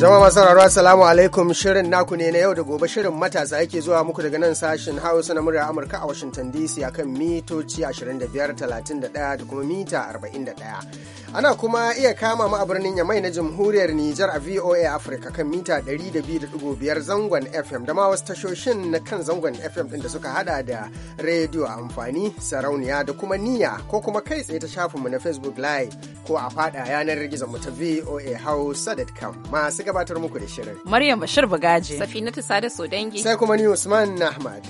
Jama'a masu sauraro Assalamu alaikum shirin naku ne na yau da gobe shirin matasa yake zuwa muku daga nan sashin Hausa na murya Amurka a Washington DC akan mitoci 25.31 da kuma mita 41. Ana kuma iya kama mu a birnin Yamai na Jamhuriyar Nijar a VOA Africa kan mita 200.5 zangon FM da ma wasu tashoshin na kan zangon FM din da suka hada da rediyo amfani sarauniya da kuma niya ko kuma kai tsaye ta shafinmu na Facebook Live ko a fada yanar gizon mu ta voahausa.com masu gabatar muku da shirin. Maryam Bashir Bugaji. Safinatu Sada Sodangi. Sai kuma ni Usman Ahmad.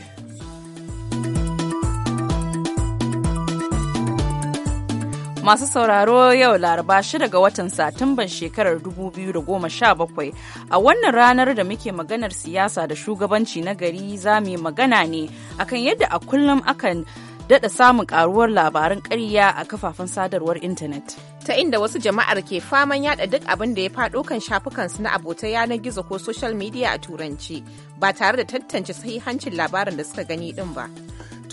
Masu sauraro yau Laraba shi daga watan Satumban shekarar 2017 a wannan ranar da muke maganar siyasa da shugabanci na gari za mu yi magana ne akan yadda a kullum akan daɗa samun karuwar labaran karya a kafafen sadarwar intanet. Ta inda wasu jama'ar ke faman yada duk abin da ya faɗo kan shafukansu na abota yanar gizo ko social media a turanci ba tare da tantance sahihancin labarin da suka gani din ba.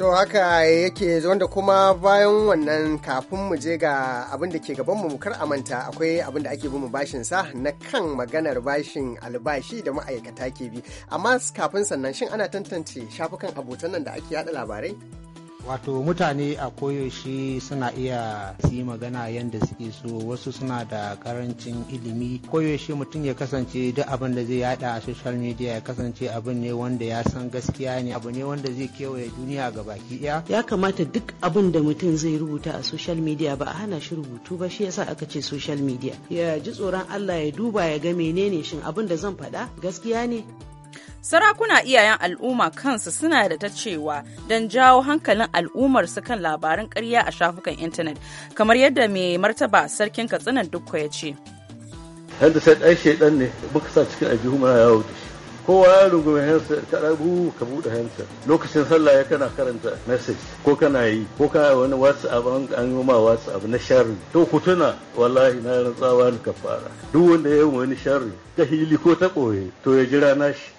To haka yake wanda kuma bayan wannan kafin mu je ga abin da ke gaban mu kar a manta akwai abin da ake bin bashin sa na kan maganar bashin albashi da ma'aikata ke bi amma kafin sannan shin ana tantance shafukan abotan nan da ake yada labarai? wato mutane a koyaushe suna iya yi magana yadda suke so wasu suna da karancin ilimi koyaushe mutum ya kasance duk abin da zai yada a social media ya kasance abin ne wanda ya san gaskiya ne abu ne wanda zai kewaye duniya ga baki ɗaya ya kamata duk abin da mutum zai rubuta a social media ba a hana shi rubutu ba shi yasa aka ce social media ya ji tsoron Allah ya duba ya ga menene shin abin da zan faɗa gaskiya ne Sarakuna iyayen al'umma kansu suna da ta cewa don jawo hankalin al'ummar su kan labarin karya a shafukan intanet kamar yadda mai martaba sarkin Katsina dukko ya ce. Yadda sai ɗan shaidan ne muka sa cikin aljihu muna yawo da shi. kowa ya rungumi hansa ka ɗabu ka buɗe hansa lokacin sallah ya kana karanta message ko kana yi ko kana wani whatsapp an yi ma whatsapp na sharri to ku tuna wallahi na rantsawa ni ka fara. duk wanda ya yi wani sharri ta hili ko ta ɓoye to ya jira nashi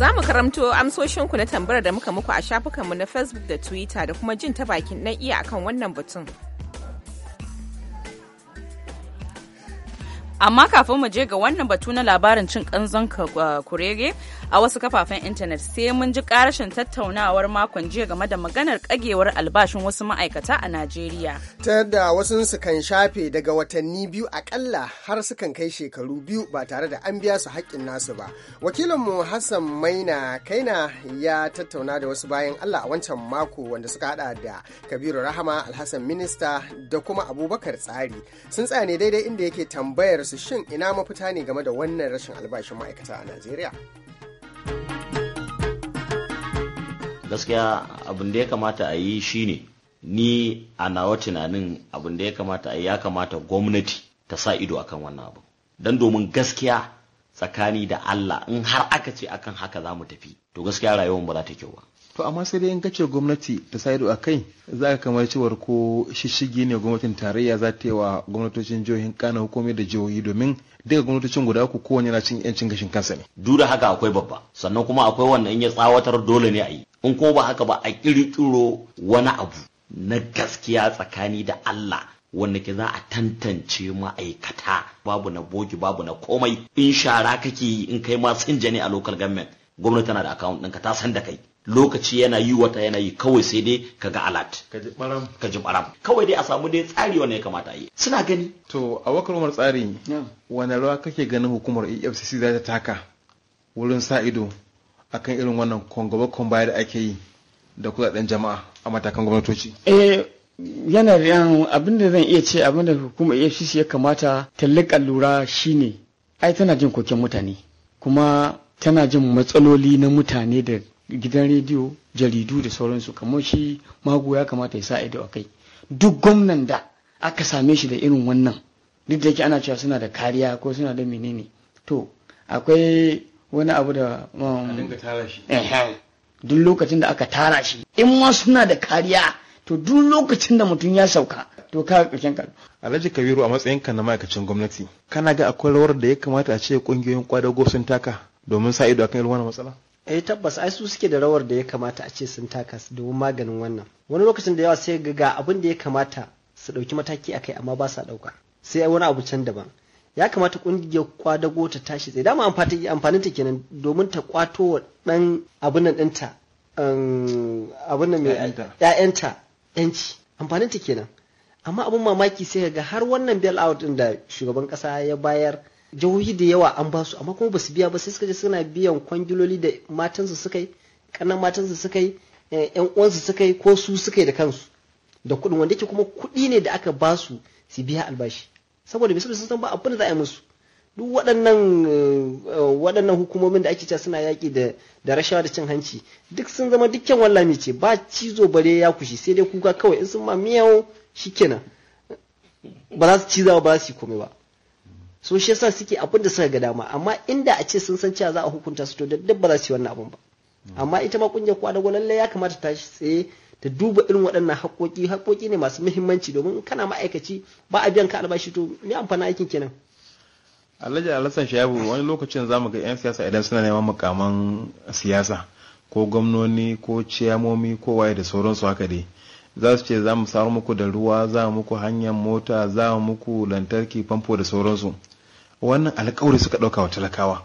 Za mu karamto amsoshinku na tambayar da muka muku a shafukanmu na Facebook da Twitter da kuma jin ta bakin ɗan iya akan wannan batun. Amma kafin mu je ga wannan batu na labarin cin kanzon uh, kurege a wasu kafafen intanet sai mun ji karashin tattaunawar makon jiya game da maganar kagewar albashin wasu ma'aikata a Najeriya. Ta yadda wasu su kan shafe daga watanni biyu akalla har su kan kai shekaru biyu ba tare da an biya su haƙƙin nasu ba. Wakilinmu Hassan Maina Kaina ya tattauna da wasu bayan Allah a wancan mako wanda suka hada da Kabiru Rahama Alhassan Minista da kuma Abubakar Tsari. Sun tsaya ne daidai inda yake tambayar su shin ina mafita ne game da wannan rashin albashin ma'aikata a najeriya gaskiya abin da ya kamata a yi shi ne, ni a nawa tunanin abin da ya kamata a yi ya kamata gwamnati ta sa ido akan wannan abu don domin gaskiya tsakani da Allah in har aka ce akan haka za mu tafi to gaskiya rayuwar ba za ta kyau ba to amma sai dai in kace gwamnati ta sa ido a kai za ka kamar cewar ko shishigi ne gwamnatin tarayya za ta yi wa gwamnatocin jihohin kana hukumi da jihohi domin daga gwamnatocin guda uku kowane yana cin yancin gashin kansa ne duk da haka akwai babba sannan kuma akwai wanda in ya tsawatar dole ne a yi in ko ba haka ba a kirkiro wani abu na gaskiya tsakani da Allah wanda ke za a tantance ma'aikata babu na bogi babu na komai in shara kake yi in kai ma tsinja ne a local government gwamnati tana da account ɗinka ta san da kai lokaci yana yi wata yana yi kawai sai dai ka ga alat ka ji baram kawai dai a samu dai tsari wanda ya kamata yi suna gani to a wakar umar tsari wani rawa kake ganin hukumar efcc za ta taka wurin sa ido akan irin wannan kwangaba baya da ake yi da kudaden jama'a a matakan gwamnatoci eh yana da abin da zan iya ce abin da hukumar efcc ya kamata ta lika lura shine ai tana jin koken mutane kuma tana jin matsaloli na mutane da gidan rediyo jaridu da sauransu kamar shi mago ya kamata ya sa ido a kai duk gwamnan da aka same shi da irin wannan duk da yake ana cewa suna da kariya ko suna da menene to akwai wani abu da um, duk lokacin da aka tara shi in ma suna da kariya to duk lokacin da mutum ya sauka to ka karshen ka Alhaji Kabiru a matsayinka na ma'aikacin gwamnati kana ga akwai rawar da ya kamata a ce kungiyoyin kwadago sun taka domin sa ido akan irin wannan matsala eh tabbas ai su suke da rawar da ya kamata a ce sun taka domin maganin wannan wani lokacin da yawa sai ga ga abin da ya kamata su ɗauki mataki akai amma ba sa ɗauka sai wani abu can daban ya kamata kungiyar kwadago ta tashi tsaye dama amfanin ta kenan domin ta kwato wa dan abin nan ɗinta um, abin nan mai ƴaƴanta yanci amfanin ta kenan amma abin mamaki sai ga har wannan bail out din da shugaban kasa ya bayar jihohi da yawa an basu amma kuma basu biya ba sai suka je suna biyan kwangiloli da matansu suka yi kanan matansu suka yi yan eh, uwansu suka yi ko su suka yi da kansu da kuɗin wanda yake kuma kuɗi ne da aka basu su biya albashi saboda bisa sun san ba abin da za a yi musu duk waɗannan eh, eh, waɗannan hukumomin da ake cewa suna yaƙi da da rashawa da cin hanci duk sun zama dukkan wallami ce ba cizo bare ya kushi sai dai kuka kawai in sun ma miyau shikenan ba za su ci ba za su yi komai ba so shi yasa suke abin da suka ga dama amma inda a ce sun san cewa za a hukunta su to da dabba za su yi wannan abin ba amma ita ma kungiyar da lallai ya kamata ta tsaye ta duba irin waɗannan haƙoƙi haƙoƙi ne masu muhimmanci domin kana ma'aikaci ba a biyan ka albashi to me amfanin aikin kenan alhaji alhassan shayabu wani lokacin zamu ga 'yan siyasa idan suna neman mukaman siyasa ko gwamnoni ko ciyamomi ko waye da sauransu haka dai za su ce za mu samu muku da ruwa za muku hanyar mota za muku lantarki famfo da sauransu wannan alkawari suka ɗauka wa talakawa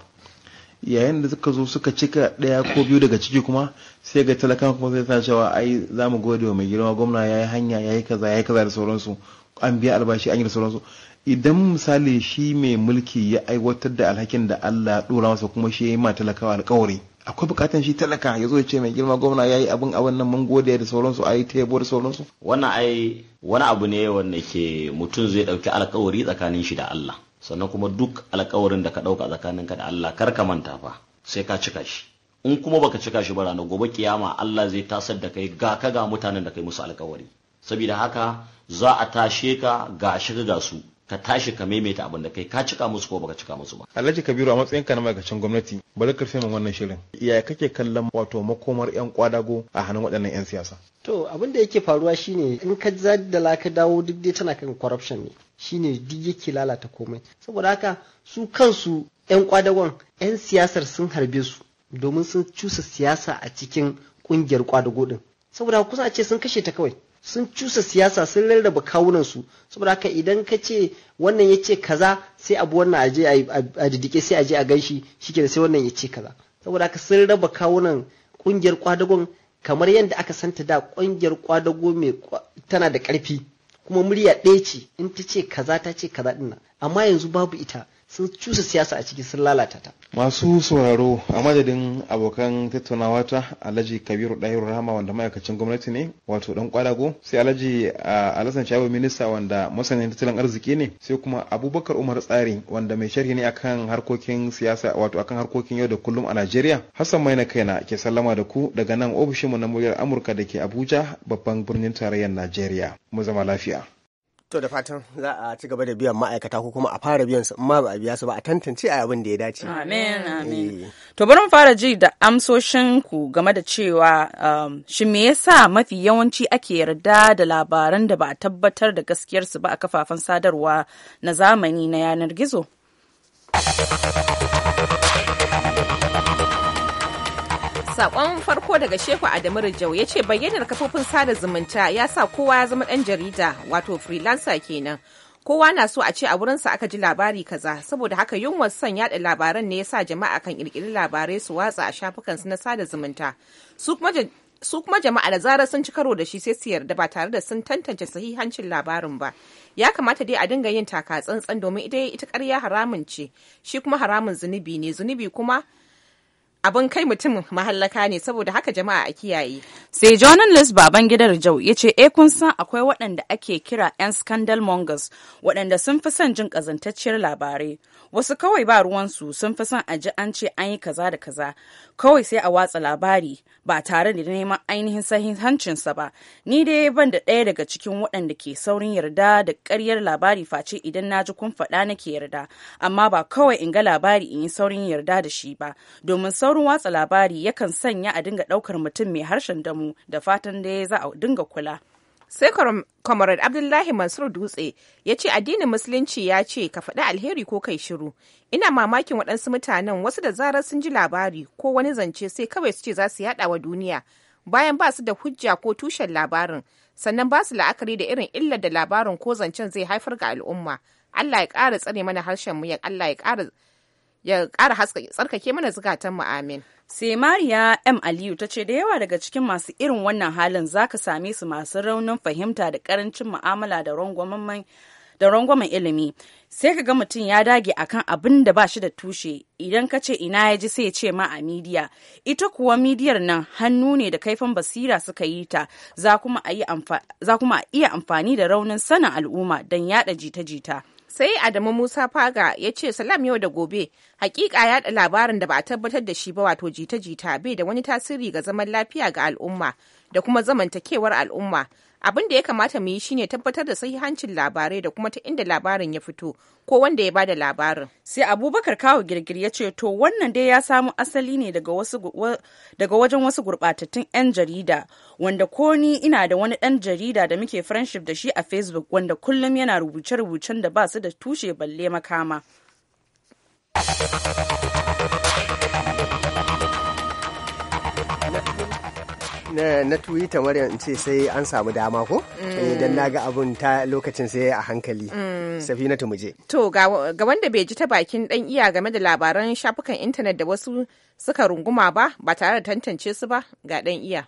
yayin da suka zo suka cika ɗaya ko biyu daga ciki kuma sai ga talakawa kuma sai ta cewa ai za mu gode wa mai girma gwamna ya yi hanya ya yi kaza ya yi kaza da sauransu an biya albashi an yi da sauransu idan misali shi mai mulki ya aiwatar da alhakin da Allah ɗora masa kuma shi ya yi ma talakawa alkawari akwai bukatan shi talaka ya zo ce mai girma gwamna ya yi abin a wannan mun gode da sauransu a yi ta da sauransu wannan wani abu ne wanda ke mutum zai dauki alkawari tsakanin shi da Allah sannan kuma duk alkawarin da ka dauka ka da Allah kar ka manta fa sai ka cika shi in kuma baka cika shi ba ranar gobe kiyama Allah zai tasar da kai ga ka ga mutanen da kai musu alkawari saboda haka za a tashe ka ga shi ga su ka tashi ka maimaita abin da kai ka cika musu ko baka cika musu ba Alhaji Kabiru a matsayinka na ma'aikacin gwamnati bari karfe min wannan shirin yaya kake kallon wato makomar yan kwadago a hannun waɗannan yan siyasa to abin da yake faruwa shine in ka da laka dawo duk dai tana kan corruption ne shine duk yake lalata komai saboda haka su kansu yan kwadagon yan siyasar sun harbe su domin sun cusa siyasa a cikin kungiyar kwadago din saboda kusa a ce sun kashe ta kawai sun cusa siyasa sun rarraba kawunansu saboda haka idan ka ce wannan ya ce kaza sai abu wannan aje a didike sai aje a ganshi shike sai wannan ya ce kaza saboda haka sun raba kawunan kungiyar kwadagon kamar yadda aka santa da kungiyar kwadago mai tana da karfi kuma murya ɗaya ce in ta ce kaza ta ce kaza dinnan amma yanzu babu ita sun cusa siyasa a ciki sun lalata ta masu sauraro a madadin abokan tattaunawa ta alhaji kabiru ɗahiru rahama wanda ma'aikacin gwamnati ne wato dan kwadago sai alhaji alhassan shabu minista wanda masanin tattalin arziki ne sai kuma abubakar umar tsari wanda mai sharhi ne akan harkokin siyasa wato akan harkokin yau da kullum a najeriya hassan mai na kaina ke sallama da ku daga nan ofishinmu na muryar amurka da ke abuja babban birnin tarayyar najeriya mu zama lafiya to da fatan za a ci gaba da biyan ma'aikata ko kuma a fara biyan su in ma ba a biya su ba a tantance a abin da ya dace amen amen eh. to bari mu fara ji da amsoshin ku game da cewa um, shin me yasa mafi yawanci ake yarda da labaran da ba a tabbatar da gaskiyar su ba a kafafen sadarwa na zamani na yanar gizo Sakon farko daga Shehu Adamu Rijau ya ce bayyanar kafofin sada zumunta ya sa kowa ya zama ɗan jarida wato freelancer kenan. Kowa na so a ce a wurinsa aka ji labari kaza saboda haka yunwar son yada labaran ne ya sa jama'a kan kirkiri labarai su watsa a shafukansu na sada zumunta. Su kuma jama'a da zarar sun ci karo da shi sai su yarda ba tare da sun tantance sahihancin labarin ba ya kamata dai a dinga yin taka tsantsan domin ita ita ƙarya haramun ce shi kuma haramun zunubi ne zunubi kuma abin kai mutum mahallaka ne saboda haka jama'a a kiyaye. Sai journalist baban gidar Jau ya ce eh kun san akwai waɗanda ake kira 'yan scandal mongers waɗanda sun fi son jin ƙazantacciyar labarai. Wasu kawai ba ruwansu sun fi son a ji an ce an yi kaza da kaza. Kawai sai a watsa labari ba tare da neman ainihin sa ba. Ni dai ban da ɗaya daga cikin waɗanda ke saurin yarda da ƙaryar labari face idan na ji kun faɗa nake yarda. Amma ba kawai in ga labari in yi saurin yarda da shi ba. Domin saurin kwararrun watsa labari yakan sanya a dinga ɗaukar mutum mai harshen damu da fatan da ya za a dinga kula. sai comrade abdullahi mansur dutse ya ce addinin musulunci ya ce ka faɗi alheri ko kai shiru ina mamakin waɗansu mutanen wasu da zarar sun ji labari ko wani zance sai kawai su ce za su yaɗa wa duniya bayan ba su da hujja ko tushen labarin sannan ba su la'akari da irin illar da labarin ko zancen zai haifar ga al'umma allah ya ƙara tsare mana harshen mu ya allah ya ƙara ya ƙara haska tsarkake mana zukatan mu amin sai mariya m aliyu ta ce da yawa daga cikin masu irin wannan halin zaka same su masu raunin fahimta da karancin mu'amala da rangwamamman da rangwamen ilimi sai ka ga mutum ya dage akan abin da ba shi da tushe idan ka ce ina ya ji sai ce ma a midiya ita kuwa midiyar nan hannu ne da kaifin basira suka yi ta za kuma a iya amfani da raunin sanin al'umma don yada jita-jita sai adamu musa faga ya ce salam yau da gobe hakika yaɗa labarin da ba a tabbatar da shi ba wato jita-jita bai da wani tasiri ga zaman lafiya ga al'umma da kuma zamantakewar al'umma abin da ya kamata mu yi shine tabbatar da sahihancin labarai da kuma ta inda labarin ya fito ko wanda ya bada labarin sai abubakar kawo girgir ya ce to wannan dai ya samu asali ne daga wajen wasu gurbatattun 'yan jarida wanda ko ni ina da wani ɗan jarida da muke friendship da shi a facebook wanda kullum yana rubuce-rubucen da ba su da tushe balle makama na twitter maryam ce sai an samu dama ko idan eh, na ga abun ta lokacin sai a hankali mm. safina mu je to ga wanda bai ji ta bakin dan iya game da labaran shafukan intanet da wasu suka runguma ba ba tare da tantance su ba ga dan iya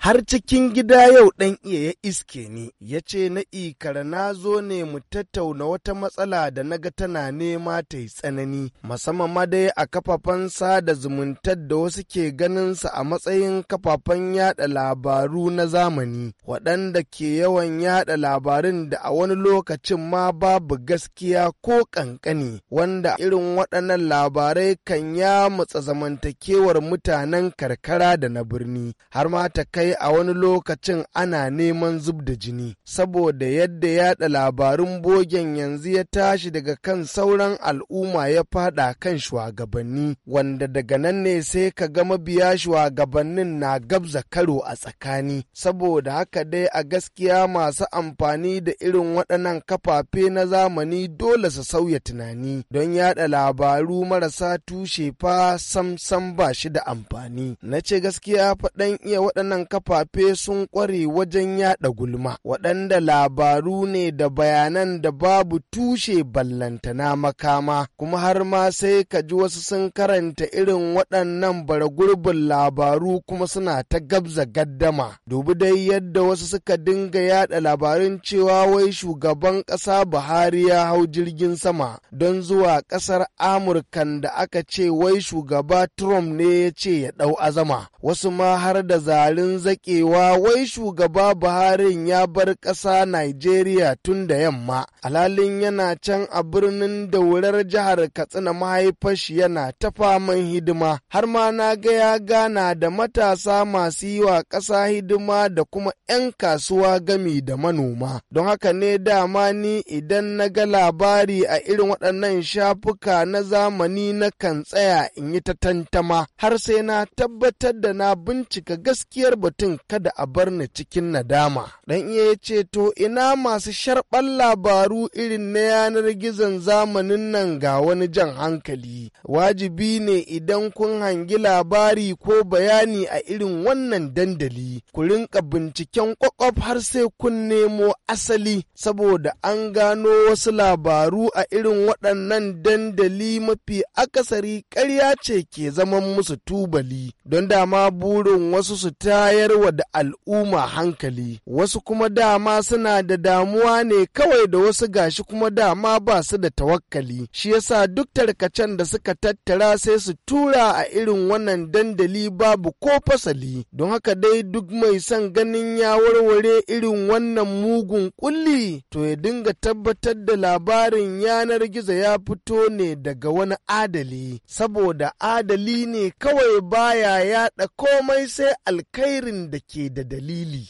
har cikin gida yau ɗan iya ya iske ni ya ce na ikara na zo ne mu tattauna wata matsala da na ga tana nema ta yi tsanani musamman ma dai a kafafen sada zumuntar da wasu ke ganinsa a matsayin kafafen yada labaru na zamani waɗanda ke yawan yada labarin da a wani lokacin ma babu gaskiya ko ƙanƙani wanda irin waɗannan labarai kan ya matsa zamantakewar mutanen karkara da na birni har ma ta kai a wani lokacin ana neman zub da jini saboda yadda yada labarun bogen yanzu ya tashi daga kan sauran al'umma ya fada kan shugabanni wanda daga nan ne sai ka ga mabiya shugabannin na gabza karo a tsakani saboda haka dai a gaskiya masu amfani da irin waɗannan kafafe na zamani dole su sauya tunani don yada labaru marasa tushe fa sam sam ba shi da amfani na ce gaskiya faɗan iya waɗannan kafafe kafafe sun ƙware wajen yada gulma, waɗanda labaru ne da bayanan da babu tushe ballantana makama, kuma har ma sai ka ji wasu sun karanta irin waɗannan bara gurbin labaru kuma suna ta gabza gaddama. Dubi dai yadda wasu suka dinga yada labarin cewa wai shugaban ƙasa Buhari ya hau jirgin sama don zuwa ƙasar Amurkan da aka ce wai shugaba Trump ne ya ce ya ɗau azama. Wasu ma har da zarin sakewa wai shugaba Buharin ya bar ƙasa Najeriya tun da yamma, alhalin yana can a birnin daular jihar Katsina mahaifashi yana ta faman hidima, har ma na ga ya gana da matasa masu yi wa ƙasa hidima da kuma 'yan kasuwa gami da manoma. Don haka ne dama ni idan na ga labari a irin waɗannan shafuka na zamani na kan tsaya in yi ta tantama har sai na tabbatar da na bincika gaskiyar ba batun kada a bar ni cikin nadama. Dan iya ya ce to ina masu sharɓan labaru irin na yanar gizon zamanin nan ga wani jan hankali. Wajibi ne idan kun hangi labari ko bayani a irin wannan dandali, ku rinka binciken kwakwaf har sai kun nemo asali saboda an gano wasu labaru a irin waɗannan dandali mafi akasari ƙarya ce ke zaman musu tubali. Don dama burin wasu su ta wa da al'umma hankali wasu kuma dama suna da damuwa ne kawai da wasu gashi kuma dama ba su da tawakkali shi yasa duk tarkacen da suka tattara sai su tura a irin wannan dandali babu ko fasali don haka dai duk mai son ganin ya warware irin wannan mugun kulli to ya dinga tabbatar da labarin yanar gizo ya fito ne daga wani adali saboda adali ne kawai baya yaɗa komai sai alkhairi tsarin da ke da dalili.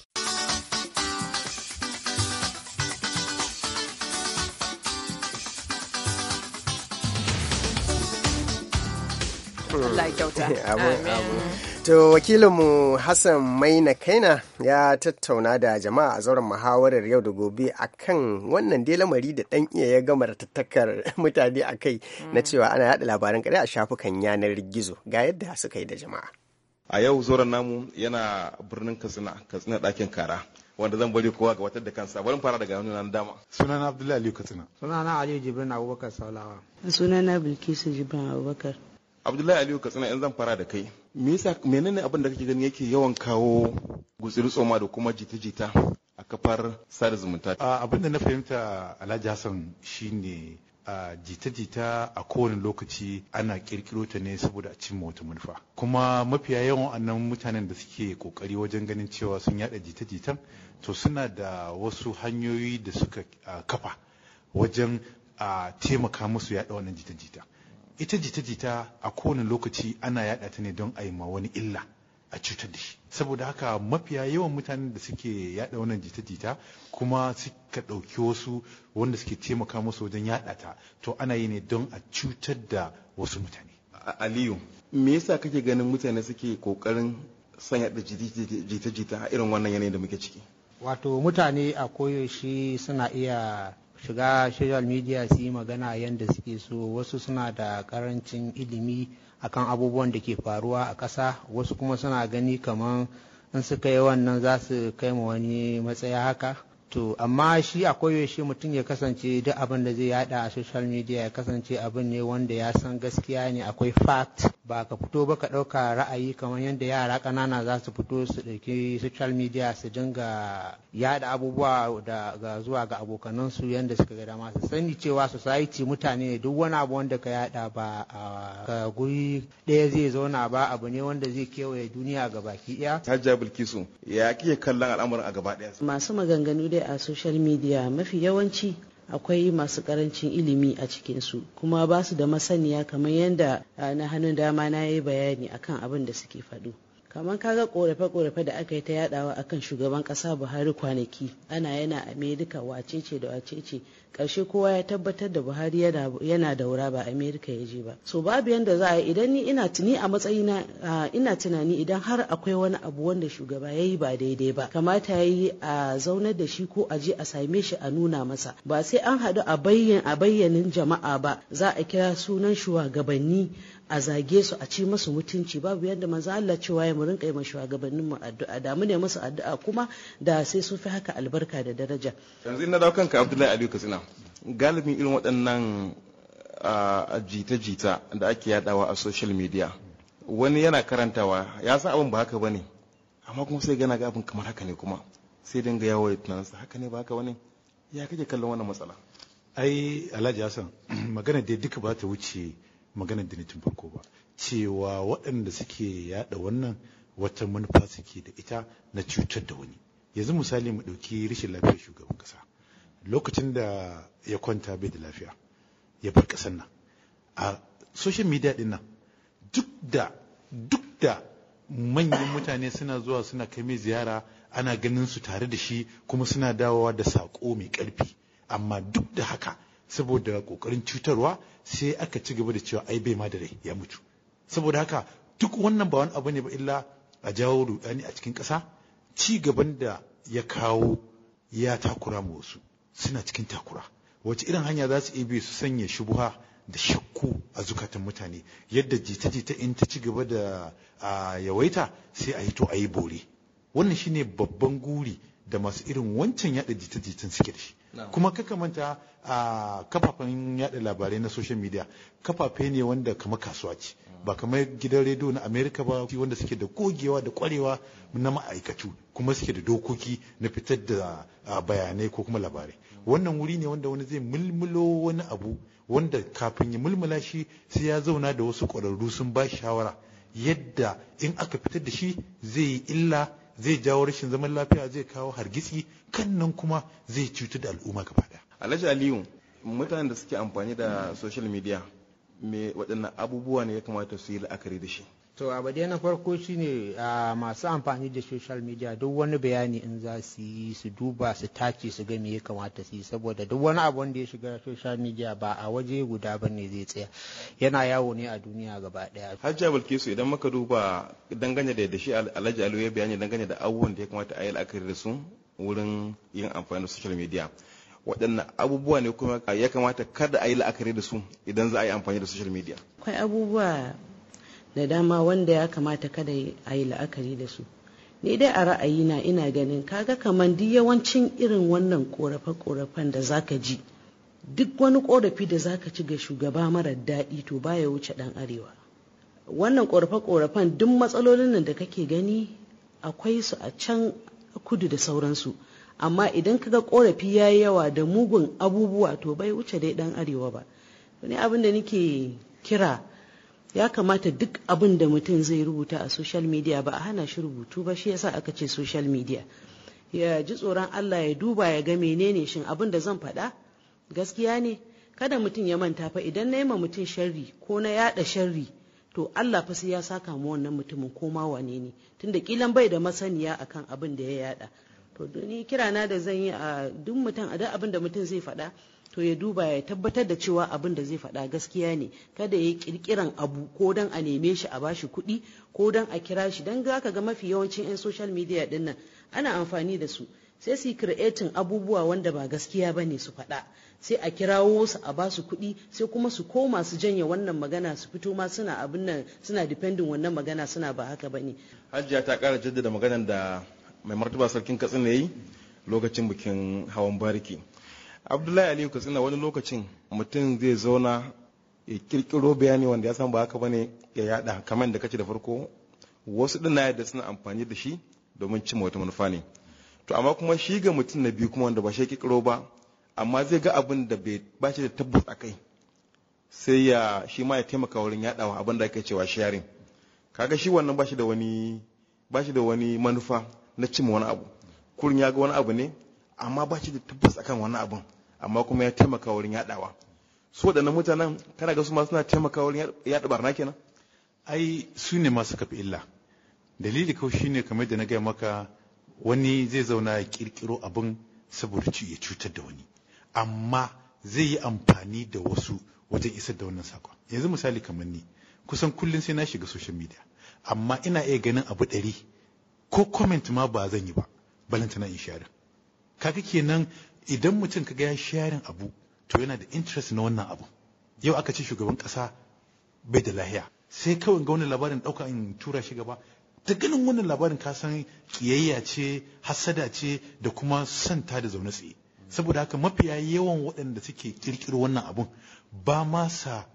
To wakilinmu Hassan Maina Kaina ya tattauna da jama'a a zauren muhawarar yau da gobe a kan wannan dai lamari da ɗan iya ya gama tattakar mutane a kai na mm. cewa ana yada labaran kare a shafukan yanar gizo ga yadda suka yi da jama'a. a yau zoron namu yana birnin katsina katsina ɗakin kara wanda zan bari kowa gabatar da kansa bari fara daga wani nan dama sunana abdullahi aliyu katsina sunana aliyu jibrin abubakar saulawa sunana bilkisu jibrin abubakar abdullahi aliyu katsina in zan fara da kai me yasa menene abin da kake gani yake yawan kawo gutsiri tsoma da kuma jita-jita a kafar sada zumunta ah, abin da na fahimta alhaji hassan shine a jita-jita a kowane lokaci ana kirkiro ta ne saboda a cimma wata manufa kuma mafiya yawan annan mutanen da suke kokari wajen ganin cewa sun yada jita-jitan to suna da wasu hanyoyi da suka kafa wajen taimaka musu yada wannan jita-jita ita jita-jita a kowane lokaci ana yada ta ne don a yi ma wani illa a cutar da shi saboda haka mafiya yawan mutanen da suke yada wannan jita-jita kuma suka ɗauki wasu wanda suke taimaka musu wajen yada ta to ana yi ne don a cutar da wasu mutane aliyu me yasa kake ganin mutane suke kokarin sanya da jita-jita a irin wannan yanayin da muke ciki wato mutane a koyaushe suna iya shiga social media su yi magana yadda suke so wasu suna da karancin ilimi akan abubuwan da ke faruwa a ƙasa wasu kuma suna gani kamar in suka yi wannan za su kai ma wani matsaya haka to amma shi a koyaushe mutum ya kasance duk abin da zai yada a social media ya kasance abin ne wanda ya san gaskiya ne akwai fact ba ka fito ba ka ɗauka ra'ayi kamar yadda yara ƙanana za su fito su ɗauki social media su dinga yada abubuwa da zuwa ga abokanansu yadda suka ga dama su sani cewa society mutane duk wani abu wanda ka yada ba a guri ɗaya zai zauna ba abu ne wanda zai kewaye duniya ga baki ɗaya. Hajjia Bilkisu ya kike kallon al'amuran a gaba ɗaya. Masu maganganu dai a social media mafi yawanci akwai masu karancin ilimi a cikinsu kuma ba su da masaniya kamar yadda ah, na hannun dama na yi bayani akan abin da suke faɗo. kamar kaga korafe-korafe da aka yi ta yadawa akan shugaban kasa buhari kwanaki ana yana amerika wacece da wacece karshe kowa ya tabbatar da buhari yana daura ba amerika ya je ba so babu yanda za a yi idan ni ina tuni a matsayina ina tunani idan har akwai wani abu wanda shugaba ya yi ba daidai ba kamata ya yi a zaunar da shi ko a je a same shi a nuna masa ba sai an haɗu a bayyanin jama'a ba za a kira sunan shugabanni a zage su a ci masu mutunci babu yadda manzo Allah cewa ya mu rinka yi shugabannin mu addu'a da mu ne musu addu'a kuma da sai sun fi haka albarka da daraja yanzu ina daukan ka Abdullahi Aliyu Katsina galibin irin waɗannan jita-jita da ake yadawa a social media wani yana karantawa ya san abin ba haka bane amma kuma sai gana ga abin kamar haka ne kuma sai dinga yawo ya tunansa haka ne ba haka bane ya kake kallon wannan matsala ai Alhaji Hassan magana dai duka ba ta wuce maganar da tun farko ba cewa waɗanda suke yada wannan wata manufa suke da ita na cutar da wani yanzu misali mu ɗauki rashin lafiyar shugaban ƙasa lokacin da ya kwanta bai da lafiya ya bar ƙasar nan a social media ɗin nan duk da duk da manyan mutane suna zuwa suna kai mai ziyara ana ganin su tare da shi kuma suna dawowa da saƙo mai ƙarfi amma duk da haka saboda kokarin cutarwa sai aka ci gaba da cewa ai bai ma da rai ya mutu saboda haka duk wannan ba wani abu ne ba illa a jawo rudani a cikin ƙasa ci gaban da ya kawo ya takura mu wasu suna cikin takura wace irin hanya za su bi su sanya shubuha da shakku a zukatan mutane yadda jita-jita in ta ci gaba da yawaita sai a yi to a yi bore wannan shine babban guri da masu irin wancan yada jita-jitan suke da shi kuma kaka manta a kafafen yada labarai na social media kafafe ne wanda kama kasuwa ce mm. ba kamar gidan rediyo na america ba wanda suke da gogewa da kwarewa na ma'aikatu kuma suke da dokoki na fitar da bayanai ko kuma labarai mm. wannan wuri ne wanda wani zai mulmulo wani abu wanda kafin ya mulmula shi sai ya zauna da wasu ƙwararru sun ba shawara yadda in aka fitar da shi zai yi illa zai jawo rashin zaman lafiya zai kawo hargitsi kan nan kuma zai cutu da al'umma gaba daya alhaji aliyu mutanen da suke amfani da social media me waɗannan abubuwa ne ya kamata su yi la'akari da shi to abu na farko shine masu amfani da social media duk wani bayani in za su yi su duba su tace su ga me ya kamata su yi saboda duk wani abu wanda ya shiga social media ba a waje guda ba ne zai tsaya yana yawo ne a duniya gaba daya hajja bilkisu idan muka duba dangane da shi alhaji alu ya bayani dangane da abubuwan da ya kamata a yi la'akari da su wurin yin amfani da social media waɗannan abubuwa ne kuma ya kamata kada a yi la'akari da su idan za a yi amfani da social media akwai abubuwa da dama wanda ya kamata kada a yi la'akari da su ni dai a ra'ayina ina ganin kaga kamar duk yawancin irin wannan korafe-korafen da zaka ji duk wani korafi da zaka ci ga shugaba mara daɗi to baya wuce ɗan arewa wannan korafe-korafen duk matsalolin nan da kake gani akwai su a can kudu da sauransu amma idan kaga korafi ya yi yawa da mugun abubuwa to bai wuce dai ɗan arewa ba wani abin da nake kira ya kamata duk abin da mutum zai rubuta a social media ba a hana shi rubutu ba shi yasa aka ce social media ya ji tsoron Allah ya duba ya ga menene shin abin da zan faɗa gaskiya ne kada mutum ya manta fa idan na yi ma mutum sharri ko na yada sharri to Allah fa sai ya saka mu wannan mutumin ko ma wane ne tunda kilan bai da masaniya akan abin da ya yada to ni kirana da zan yi a duk mutum a duk abin da mutum zai faɗa to ya duba ya tabbatar da cewa abin da zai faɗa gaskiya ne kada ya yi kirkiran abu ko don a neme shi a bashi kuɗi ko don a kira shi don ga ga mafi yawancin 'yan social media ɗin nan ana amfani da su sai su yi abubuwa wanda ba gaskiya ba ne su faɗa sai a kirawo su a ba kuɗi sai kuma su koma su janye wannan magana su fito ma suna abin nan suna dependin wannan magana suna ba haka ba ne hajiya ta kara jaddada magana da mai martaba sarkin katsina ya yi lokacin bikin hawan bariki abdullahi aliyu katsina wani lokacin mutum zai zauna ya kirkiro bayani wanda ya san ba haka bane ya yada kamar da kace da farko wasu din na yadda suna amfani da shi domin cimma wata manufa ne to amma kuma shi ga mutum na biyu kuma wanda ba shi kirkiro ba amma zai ga abin da bai ba shi da tabbas a kai sai ya shi ma ya taimaka wurin yadawa abin da ake cewa sharing kaga shi wannan ba shi da wani ba shi da wani manufa na cimma wani abu kurin ya ga wani abu ne amma ba shi da tabbas akan wani abun amma kuma ya taimaka wurin yaɗawa su waɗannan mutanen kana ga su ma suna taimaka wurin yaɗa barna kenan ai su ne masu kafi illa dalili kawai shine kamar da na gaya maka wani zai zauna ya kirkiro abin saboda ya cutar da wani amma zai yi amfani da wasu wajen isar da wannan sakon yanzu misali kamar ni kusan kullum sai na shiga social media amma ina iya ganin abu ɗari ko comment ma ba zan yi ba balantana in share kaga kenan idan mutum kaga ya sharing abu to yana da interest na wannan abu yau aka ce shugaban kasa bai da lahiya sai kawai ga wani labarin ɗauka in tura shi gaba da ganin wannan labarin ka san kiyayya ce hasada ce da kuma santa da zaune tsaye saboda haka mafiya yawan waɗanda suke kirkiro wannan abun ba ma sa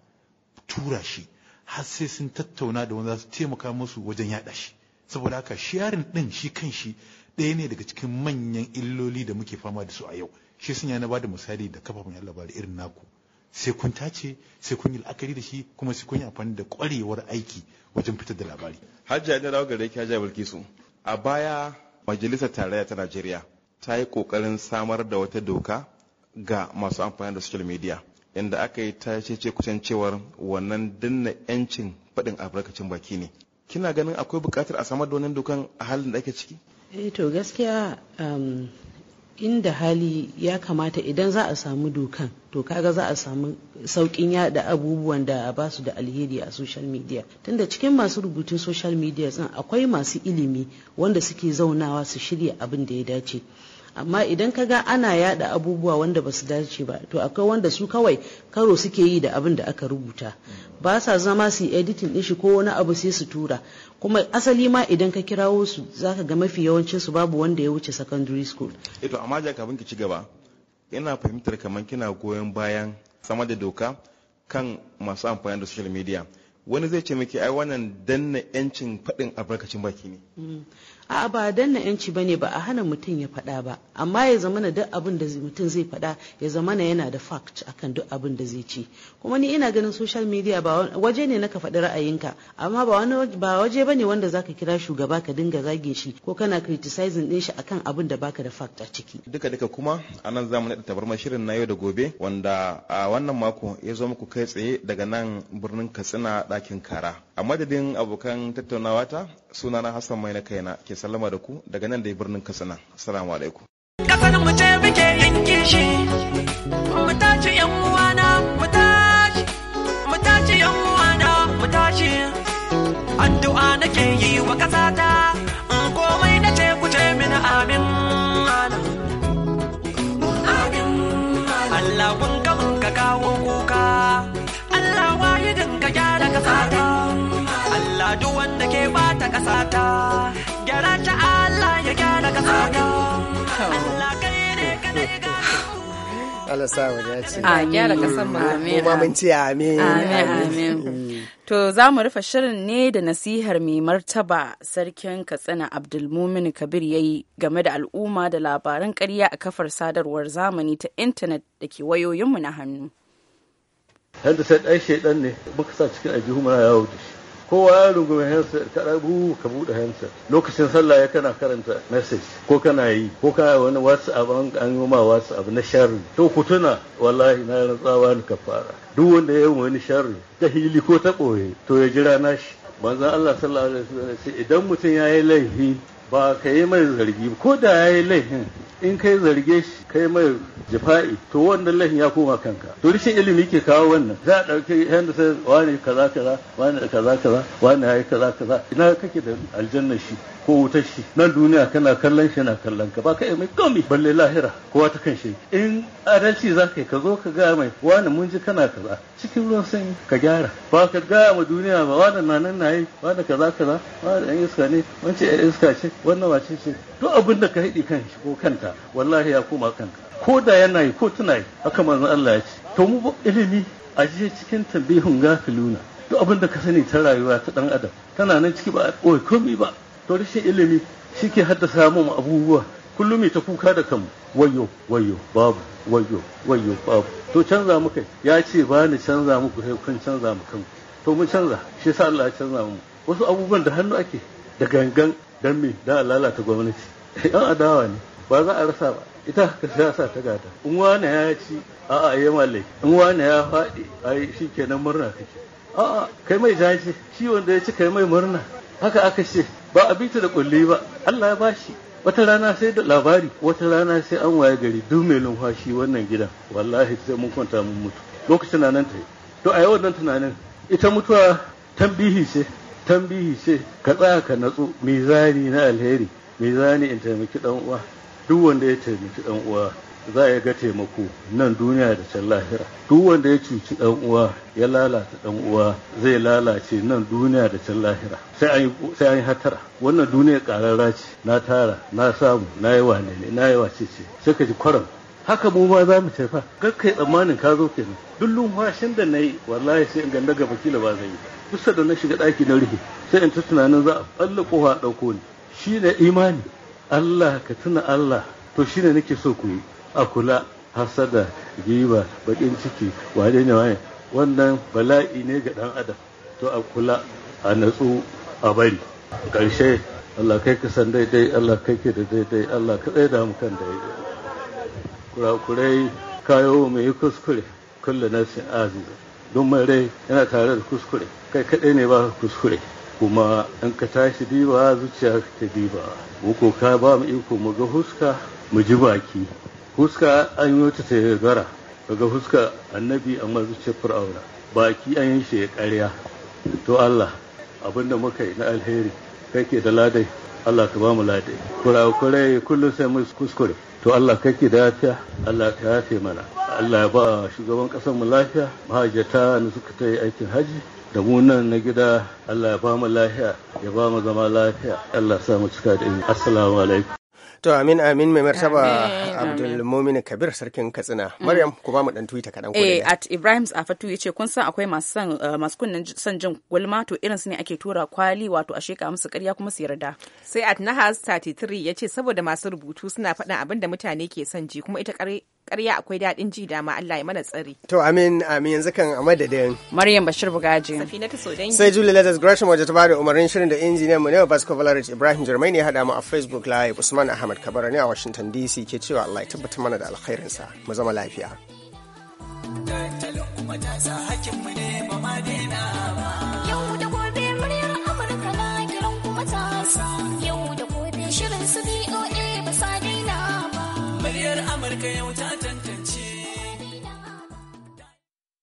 tura shi har sai sun tattauna da wanda za su taimaka musu wajen yaɗa shi saboda haka sharing ɗin shi kan shi ɗaya ne daga cikin manyan illoli da muke fama da su a yau shi sun yana ba da misali da kafafen yan labari irin naku sai kun tace sai kun yi la'akari da shi kuma sai kun yi amfani da ƙwarewar aiki wajen fitar da labari hajji da dawo gare ki hajji bilkisu a baya majalisar tarayya ta najeriya ta yi ƙoƙarin samar da wata doka ga masu amfani da social media inda aka yi ta cece kusan cewar wannan danna 'yancin faɗin albarkacin baki ne kina ganin akwai buƙatar a samar da wannan dokan a halin da ake ciki E, to gaskiya um, inda hali ya kamata idan za a samu dokan to kaga za a samu saukin yada abubuwan da ba su da alheri a social media tunda cikin masu rubutun social media zan akwai masu ilimi wanda suke zaunawa su shirya abin da ya dace amma idan ka ga ana yada abubuwa wanda ba su dace ba to akwai wanda su kawai karo suke yi da abin da aka rubuta ba sa zama su editing din shi ko wani abu sai su tura kuma asali ma idan ka kirawo su zaka ga mafi yawancin su babu wanda ya wuce secondary school ito eh amma ja kafin ki ci gaba ina fahimtar kamar kina goyon bayan sama da doka kan masu amfani da social media wani zai ce miki ai wannan danna yancin faɗin albarkacin baki ne mm. a'a ba danna yanci ne ba a hana mutum ya faɗa ba amma ya zamana duk abin da mutum zai faɗa ya zama na yana da fact akan duk abin da zai ci kuma ni ina ganin social media ba waje ne na ka faɗi ra'ayinka amma ba wani ba waje ne wanda zaka kira shugaba ka dinga zage shi ko kana criticizing din shi akan abin da baka da fact a ciki duka duka kuma anan zamu naɗa tabarma shirin na yau da gobe wanda a wannan mako ya zo muku kai tsaye daga nan birnin Katsina ɗakin kara a madadin abokan tattaunawa ta sunana Hassan Mai na kaina ke sallama da ku daga nan da birnin Katsina. Assalamu alaikum. muke kasata gyara ta Allah ya gyara kasata Allah kai ne kadai ga Allah sa ya ce a gyara kasan mu amin kuma mun ce amin amin mm. to za mu rufe shirin ne da nasihar mai martaba sarkin katsina abdulmumin kabir ya yi game da al'umma da labaran ƙarya a kafar sadarwar zamani ta intanet da ke wayoyinmu na hannu yadda sai ɗan shaidan ne baka sa cikin ajihu muna yawo da shi kowa ya rungumi hansa ka rabu ka bude hansa lokacin sallah ya kana karanta message ko kana yi ko kana wani whatsapp an yi ma whatsapp na sharri to ku tuna wallahi na rantsawa ni kafara duk wanda ya yi wani sharri ta hili ko ta ɓoye to ya jira nashi manzon Allah sallallahu alaihi wasallam idan mutum ya yi laifi ba ka yi mai zargi ko da ya yi laifin in kai zarge shi kai mai jifa'i to wannan lahin ya koma kanka to rishin ilimi ke kawo wannan za a ɗauki sai wani kaza kaza wani kaza kaza wani yi kaza kaza ina kake da aljanna shi ko wutar shi nan duniya kana kallon shi na kallon ka ba ka mai komi balle lahira kowa ta kan shi in adalci za ka yi ka zo ka ga mai wani mun ji kana kaza cikin ruwan sanyi ka gyara ba ka gaya ma duniya ba wani na nan na yi wani kaza kaza wani ɗan iska ne wancan iska ce wannan wace ce to abin da ka haɗi kan shi ko kanta ka wallahi ya koma kanka ko da yana yi ko tuna yi haka manzon Allah ya ce to mu ilimi a cikin tambihun gafiluna duk abin da ka sani ta rayuwa ta dan adam tana nan ciki ba a koyi komai ba to rashin ilimi shi ke haddasa mu abubuwa kullum ta kuka da kanmu wayo wayo babu wayo wayo babu to canza muka ya ce ba ni canza muku sai kun canza mu kanku to mu canza shi yasa Allah ya canza mu wasu abubuwan da hannu ake da gangan dan me da lalata gwamnati yan adawa ne ba za a rasa ba ita sha sa ta gada in wane ya ci a'a ya mallaki in wane ya faɗi shi kenan murna kake a'a kai mai jaje shi wanda ya ci kai mai murna haka aka ce ba a bi ta da kulli ba Allah ya bashi wata rana sai da labari wata rana sai an waye gari duk mai numfashi wannan gidan wallahi sai mun kwanta mun mutu lokacin na nan ta yi to a yawan nan tunanin ita mutuwa tambihi ce tambihi ce ka tsaya ka natsu mizani na alheri mizani in taimaki dan uwa duk wanda ya taimaki ɗan uwa za a ga taimako nan duniya da can lahira duk wanda ya cuci ɗan'uwa uwa ya lalata ɗan uwa zai lalace nan duniya da can lahira sai an yi hatara wannan duniya ƙararra ce na tara na samu na yi wane ne na yi wace ce sai ka ji haka mu ma za mu tafa kar tsammanin ka zo kenan duk lumfashin da na yi wallahi sai in ganda ga bakila ba zai yi kusa da na shiga ɗaki na rufe sai in ta tunanin za a ɓalla ƙofa a ɗauko ni shi ne imani Allah ka tuna Allah to shi ne nake so ku yi a kula hasada giba bakin ciki wane ne wane wannan bala'i ne ga dan adam to a kula a natsu a bari ƙarshe Allah kai ka san daidai Allah kai ke da daidai Allah ka tsaye da mu kan daidai kurakurai kayo mai kuskure kullu nafsin aziz don mai rai yana tare da kuskure kai kaɗai ne ba kuskure kuma in ka tashi diba zuciya ta diba ko ka ba mu iko mu ga huska mu ji baki huska an yi ta ta gara ga huska annabi amma zuciyar fir'auna baki an yi shi ya ƙarya to Allah abinda muka yi na alheri kake da ladai Allah ka ba mu ladai kurai kullum sai mu kuskure to Allah kake da lafiya Allah ka yafe mana Allah ya ba shugaban ƙasar mu lafiya mahajjata ne suka ta yi aikin haji da mu nan na gida Allah ya ba mu lafiya ya ba mu zama lafiya Allah sa mu cika da assalamu alaikum To amin amin mai martaba abdul mumin Kabir sarkin Katsina. Mm. Maryam ku ba mu dan tuwita kaɗan Eh at Ibrahim Zafatu yace kun san akwai masu san eh, masu kunnen son jin gulma to irin su ne ake tura kwali wato a sheka musu ƙarya kuma su yarda. Sai at Nahas 33 yace saboda masu rubutu suna faɗin abin da mutane ke son ji kuma ita karya akwai daɗin ji dama Allah ya mana tsari. To amin amin yanzu kan a madadin. Maryam Bashir Bugaji. Safina ta Sodangi. Sai Julie Letters Gresham waje ta bada umarnin shirin da injiniyan mu ne wa Vasco Valerich Ibrahim Jarmai ne haɗa mu a Facebook Live Usman Ahmad Kabara ne a Washington DC ke cewa Allah ya tabbata mana da sa mu zama lafiya. kuma ta sa hakkin mu ne ba ma daina.